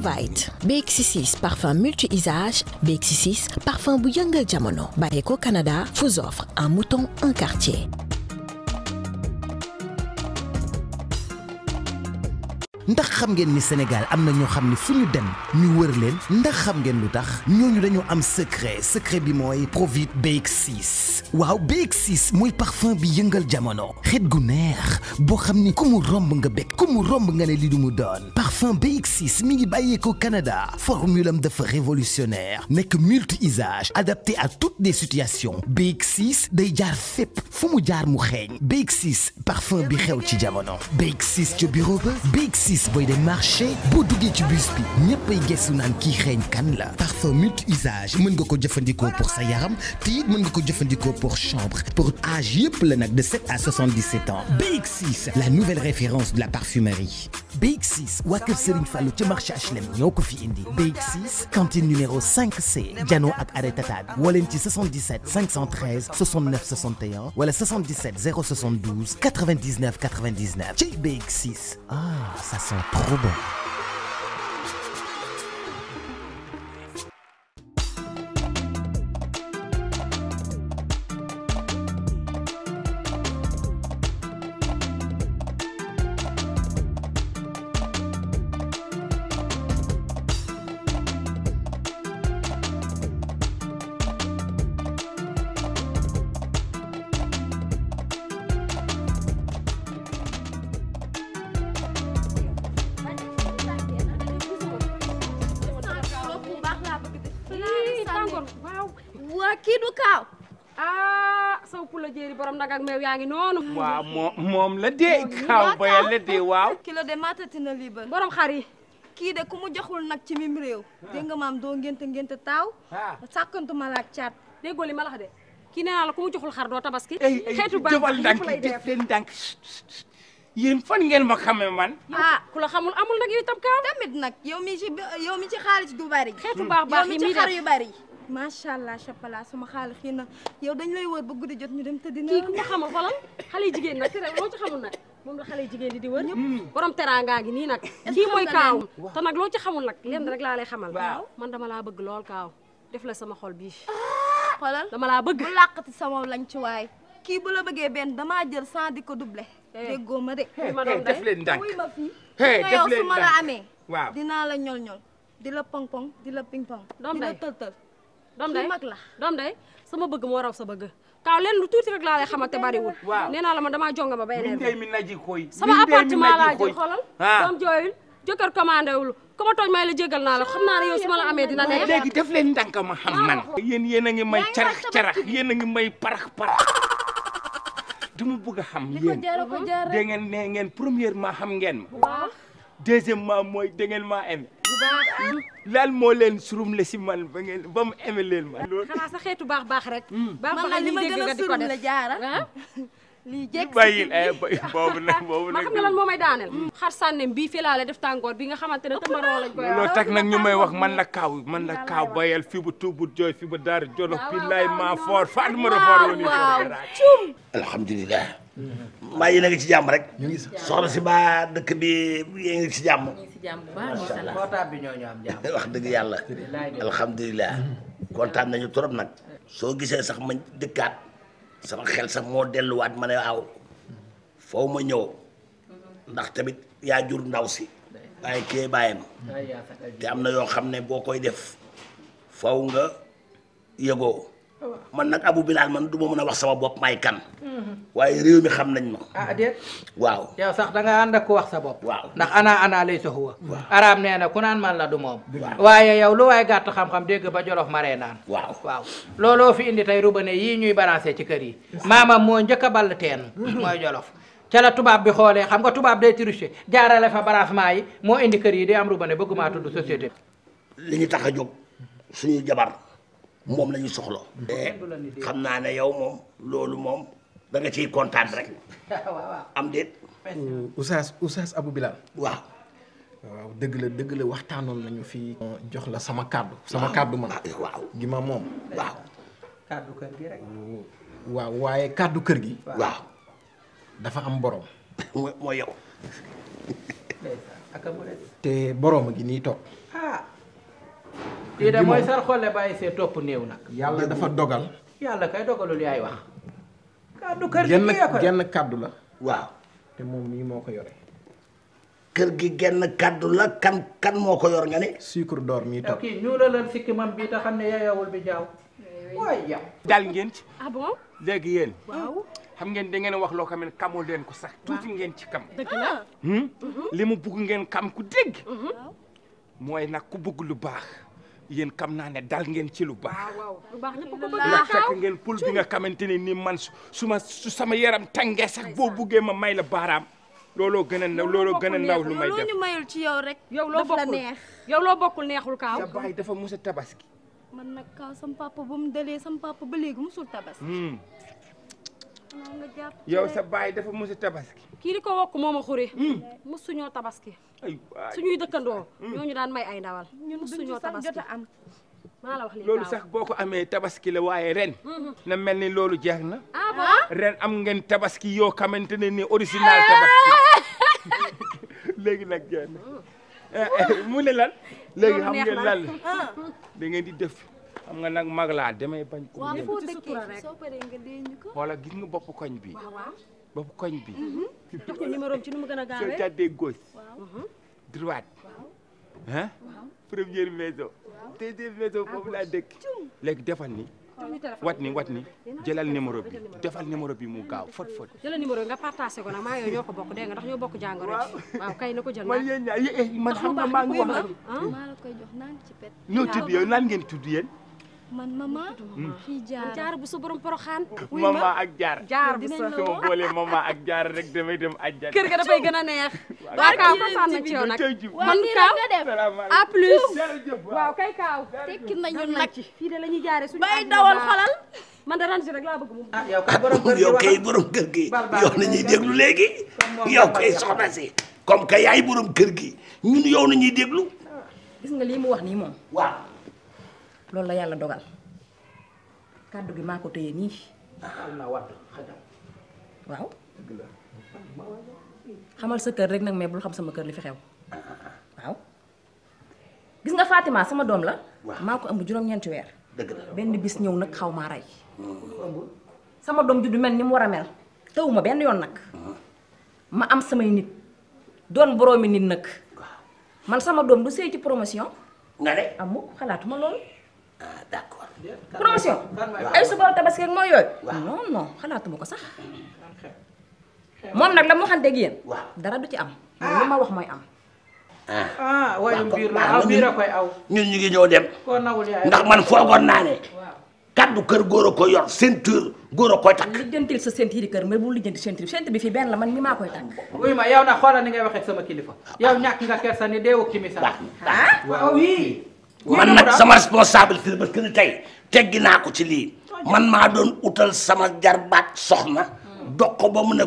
BX6 parfum multi isage BX6 parfum bu de jamono bàyyi Canada vous offre un mouton en quartier ndax xam ngeen ni Sénégal am na ñoo xam ni fu ñu dem ñu wër leen ndax xam ngeen lu tax ñooñu dañoo am secret secret bi mooy Provit BX6 waaw BX6 mooy parfum bi yëngal jamono xet gu neex boo xam ni ku mu romb nga bekk ku mu romb nga ne li du mu doon parfum BX6 mi ngi bàyyeekoo Canada formule am dafa révolutionnaire nekk multi-usage adapté à toutes les situations BX6 day jaar fépp fu mu jaar mu xeeñ BX6 parfum bi xew ci jamono BX6 ca bureau ba BX6 artiste booy dem marché boo tu ci bus bi ñëppay gëstu naan kan la parfum multi usage mën nga ko jëfëndiko pour sa yaram ti mën nga ko jëfëndiko pour chambre pour âge yépp la nak de 7 à 77 ans BX6 la nouvelle référence de la parfumerie BX6 waa kër Serigne Fallou ci marché HLM ñoko fi indi BX6 cantine numéro 5C Diano ak arrêt Tataane woo ci 77 513 69 61 wala 77 072 99 99 ci BX6 ah ça c'est trop bon. kon waaw waa du ah saw ku la jéeri borom nag ak meew yaa ngi noonu waaw moom la iya, ba la kilo de mata na lii ba borom xar yi kii de ku mu joxul nag ci mim réew dégg nga maam doo ngénte ngénte taaw sàkkantu ma laak caat déggoo li de kii nee naa la ku mu joxul xar doo tabaski xeetu baax jëfal ndànk def leen ndànk fan ngeen ma xamee man ah ku xamul amul nag yow itam kaaw tamit nag yow mi ci yow mi ci xaalis du bari xeetu baax baax yi mi def bari macha allah chapala sama xaalis xii na yow dañ lay wër ba guddi jot ñu dem tëddi na kii ku ko xamul xolal xale jigéen nag tere loo ci xamul nag moom la xale jigéen di di wër hmm. borom teraangaa gi nii nag kii mooy kaaw te nag loo ci xamul nag lenn rek laa lay xamal man dama laa bëgg lool kaaw def la sama xol bii ah! xolal dama laa bëgg bu làqati sama lañ ci waay kii bu la bëggee benn damaa jël sans di ko doublé eh. déggoo ma de def leen ndànk wuy ma fii yow su ma la amee waaw dinaa la ñol ñol dila la pong pong di ping pong di la tël doom day mag la doom day sama bëgg moo raw sa bëgg kaaw leen lu tuuti rek laa lay xamante bariwul nee naa la ma damaa jonga ma ba yeneen day mi naji koy sama appartement laa jël xoolal ah. doom jooyul jëkkër commandé wul ku ma tooñ may la jégal naa la xam naa ne yow su ma la amee dina neex léegi def leen ndànk ma xam man yéen yéen a ngi may carax-carax yéen a ngi may parax-parax dama bëgg a xam yéen da ngeen ne ngeen premièrement xam ngeen ma deuxièmement mooy da ngeen maa aimé lal mo len surum le si man ba ngeen ba mu amee leen ma. xanaa sa xeetu bax bax rek. ba hmm. ba li ma gën a surum la jaara. lii jékki si ay bobu nak bobu nak xam nga lan momay daanel xar sanem bi fi laa la def tangor bi nga xamantene te maro la koy. lo tax nak ñumay wax man la kaw man la kaw bayal fi bu tubu joy fi bu dar jolo bi laay maa foor ma foor woon. waaw waaw alhamdulilah. nga ci jàmm rek. soxna si ba dekk bi yeeng ci jàmm. jàmm bu baax wax dëgg yàlla alhamdulilah kontaan nañu trop nag soo gisee sax ma dëkkaat sama xel sax moo delluwaat ma ne waaw foo ma ñëw ndax tamit yaa jur ndaw si waaye kee bàyyam te am na yoo xam ne boo koy def faw nga yëgoo man nag Abu Bilal man du ma mën a wax sa bopp may kan. waaye réew mi xam nañ ma. ah déet. waaw yow sax da nga ku wax sa bopp. waaw ndax ana ana lay soxuwa. waaw araam nee na ku naan man la du moom. waaye yow lu waaye gàtt xam-xam dégg ba jolof maree naan. waaw waaw looloo fi indi tey robinet yii ñuy balancé ci kër yi. maamam moo njëkk a ball teen. mooy jolof. ca la tubaab bi xoolee xam nga tubaab day triché jaarale fa balancement yi moo indi kër yi day am robinet bëgguma tudd société. li ñu tax a jóg suñu jabar. moom la ñu soxla. Mm-hmm. Eh, xam naa ne yow moom loolu moom da nga ciy kontaan rek am déet. Mm-hmm. Oustaz Oustaz Abou Bilal. waaw. dëgg la dëgg la waxtaanoon nañu fi jox la sama kàddu. sama kàddu man ah, eh, waaw gi ma moom waaw. waaye kàddu kër gi. waaw dafa am borom. mooy yow. te borom gi nii toog. lii de mooy sar xolle bàyyi see topp néew nag. yàlla dafa dogal. yàlla kay dogalul yaay wax. kaddu kër gi genn genn kaddu la. waaw. te moom mii moo ko yore. kër gi genn kaddu la kan kan moo ko yor nga ne. sucre d'or mii toog kii ñuulalal sikki mam bii te xam ne yaayawul bi jaaw. waay yow. Ya. dal ngeen ci. ah bon léegi yéen. waaw. xam ngeen da ngeen wax loo xam ne kamoo ko sax tuuti ngeen ci kam. dëgg la. Hmm? Mhm. li mu bugg ngeen kam ku dégg. Mhm. mooy nag ku bugg lu baax. yéen xam naa ne dal ngeen ci lu baax. ndax fekk ngeen pul bi nga xamante ne ni man su sama yaram tàngee sax boo buggee ma may la baaraam. looloo gën a ndaw looloo gën a ndaw lu may def ñu ci yow rek. yow loo bokkul neex yow loo bokkul neexul kaaw. sa baay dafa mus a man nag kaaw sam mu dalee sam papa ba léegi musul tabaski. Hmm. yow sa baay dafa musu tabaski kii di ko wokk mooma xure hmm. musuñoo tabaski suñuy dëkkandoo hmm. ñooñu daan may ay ndawal musuñoo tabaski am maa la loolu sax boo ko amee tabaski la waaye ren hmm. na mel ni loolu jeex na ah, ah? ren am ngeen tabaski yoo xamante ne ni original tabaski léegi nag jeex eh, eh, mu ne lan léegi xam ngeen lan la da ngeen di def xam nga nag mag laa demee bañ. ko foo dëkkee soo paree nga denc ko. wala gis nga bopp koñ bi. bopp koñ bi. Mhm. jox ko numéro ci nu mu gën a gaawee. soo tàddee gauche. Mhm. droite. ah. première maison. deuxième maison foofu laa dëkk. léegi defal ni. wat ni wat ni jëlal numéro bi defal numéro bi mu gaaw fot fot. jëlal numéro nga partagé ko nag maa yooyu ñoo ko bokk dégg nga ndax ñoo bokk jàngoro ji. waaw kay na ko jël man yéen ñaar man xam nga maa ngi wax. maa la koy jox naan ci pet. ñoo tudd yow naan ngeen tudd yéen. man mama. Mm. fii jaar jaar bu sa borom poroxaan. mama ak jaar jaar bu sa sama boole mama ak jaar rek damay dem àjjana. kër ga dafay gën a neex. waaw kaaw kontaan na ci yow nag man kaaw à plus. waaw kay nag fii de ñuy jaaree suñu. bay dawal xolal. man de range rek laa bëgg moom. ah yow kay borom kër gi yow kay borom kër gi yow nañuy déglu léegi. yow kay si comme que yaay borom kër gi ñun yow nañuy déglu. gis nga lii wax nii moom waaw. lol la yalla dogal kaddu gi maa ko nah, wad xadam waw xamal sa keur rek nak me bu xam sama keur li fi xew waw gis nga Fatima sama dom la. mako am juroom ñent ñeenti weer. benn bis ñew nak xawma hmm. ray sama dom juddu mel ni mu wara mel tawuma ma yon nak hmm. ma am sama nit don boromi nit nak man sama dom du sey ci promotion. nga de amul xalaatuma ah d' accord. promotion ay suba tabaski ak mooy yooyu. non non xalaatuma ko sax. moom nag la mu waxanteeg yéen. dara du ci am. li ma wax mooy am. ah waaye biir la aw biir a aw. ñun ñu ngi ñëw dem. ndax man foogoon naa ne. kaddu kër góor a ko yor ceinture góor a koy takk. lijjantil sa ceinture kër mais bu lijjanti ceinture ceinture bi fii benn la man mi maa koy takk. wuy ma yow nag xoolal ni ngay waxee sama kilifa. yow ñàkk nga kersa ni deewu kimi sa. ah oui man nak sama responsable fi parce que ni tey teggi ko ci li man ma doon utal sama jarbat soxna hmm. dokko ba mu ne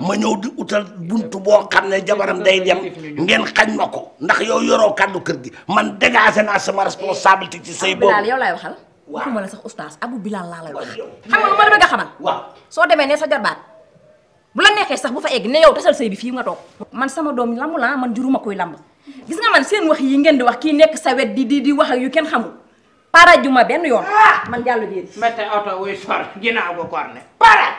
ma hmm. ñew di utal buntu bo xamne jabaram day dem ngeen xagn mako ndax yow yoro kaddu keur gi man dégager na sama responsabilité ci bo boobu yow lay waxal waxuma la sax oustaz Abou Bilal la lay wax xam nga lu ma la bëgg xamal waaw soo demee sa jarbat bu la ya, eh, nexé sax bu fa né yow tasal sey bi fi nga tok man sama doom lamu la man juruma koy lamb gis nga man seen wax yi ngeen di wax ki nek sa wet di di di wax ak yu ken xamul para juma ben yoon ah! man jallu di mette auto wuy sor ginnaaw ko korne para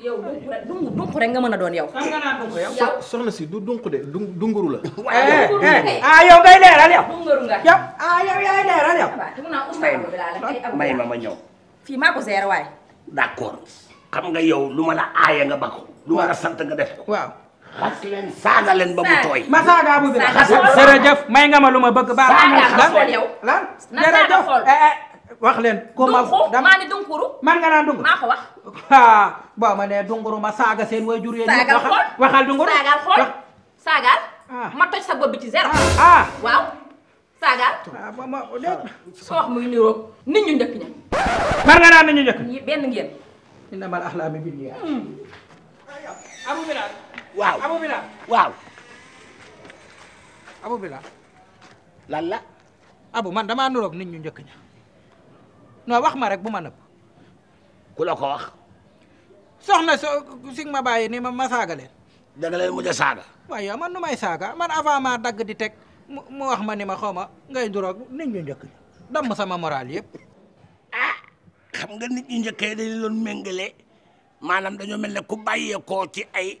yow dungu dungu rek nga mën a yow. kan nga naan dungu yow. soxna si du dungu de dunguru la. Eh, eh, eh. ah yow ngay leeral yow. dunguru nga. yow ah yow yaay leeral yow. may ma ma ñëw. fii maa ko seere waaye. d' accord xam nga yow lu ma la aaye nga ba ko. lu ma la sant nga def waaw. xas leen saaga leen ba mu tooy. ma saaga amu bi xas jërëjëf nga ma lu ma bëgg baax. lan yow lan jërëjëf eh, eh, wax leen. ko ma dama man nga naan dunguru maa ko wax. ah ma nee saaga seen waajur yéen ñëpp. waxal waxal dunguru saagal xool saagal. Ah. ma toj sa bopp bi ci zéro. Ah. ah waaw saagal. ah ma ma wax muy niroog nit ñu njëkk man nga naan nit ñu njëkk. benn ngeen. innamal axlaamu hmm. bin Wow, wow, Bila. Wow. Abu Bila. Lala. Abu man dama nurok nit ñu ñëk ña No wax ma rek bu ma nepp. ku la ko wax soxna so sig ma baye ni ma ma sagale. da nga lay mujj a saaga waaw yow ya, man numay saga. man avant ma dag di tek mu wax ma ni ma xoma ngay durok nit ñu ñëk ña sama moral yépp. ah xam nga nit ñu ñëkke dañu loon mengalé manam dañu mel ku ku ya ko ci ay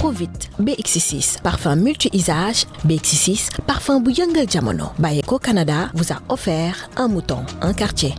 Covid, BX6 parfum multi-usage BX6 parfum bouillon jamono Bayeko Canada vous a offert un mouton un quartier